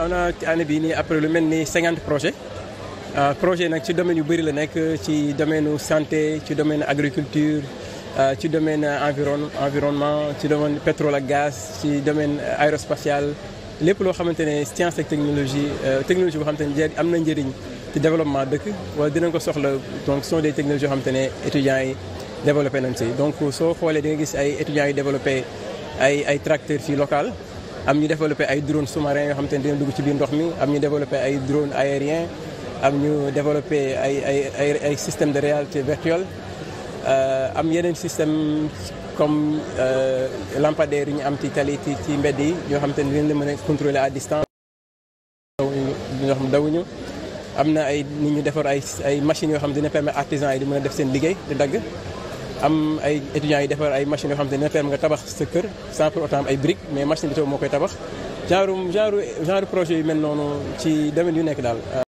on a ci année bii nii après lu mel ni cinquante projets euh, projet nag ci domaine yu bëri la nekk ci domaine santé ci domaine agriculture euh, ci domaine environ environnement ci domaine pétrole ak gaz ci domaine euh, aérospatial lépp loo xamante ne science ak technologie technologie boo xamante ne am na njëriñ ci développement dëkk wala dinañ ko soxla donc ce de des technologies yoo xamante ne étudiants yi développé nañ si donc soo xoolee di nga gis ay étudiants yi développé ay ay tracteurs fii local am ñu développé ay drone sous-marin yoo xam te ne dina dugg ci biir ndox mi am ñu développé ay drone aérien am ñu développé ay ay ay ay système de réalité virtuelle euh, am yeneen système comme euh, lampadaire yi ñu am ci tali ci ci mbedd yi yoo xam te ne dinañ la mën a contrôler à distance ñoo xam dawuñu am na ay nit ñu defar ay ay machines yoo xam ne dina permettre artisans yi di mën a def seen liggéey di dagg am ay étudiants yi defar ay machines yoo xam te ne permettre nga tabax sa kër sans pour am ay briques mais machine bi taw moo koy tabax genre genre genre projet yu mel noonu ci domaine yu nekk daal.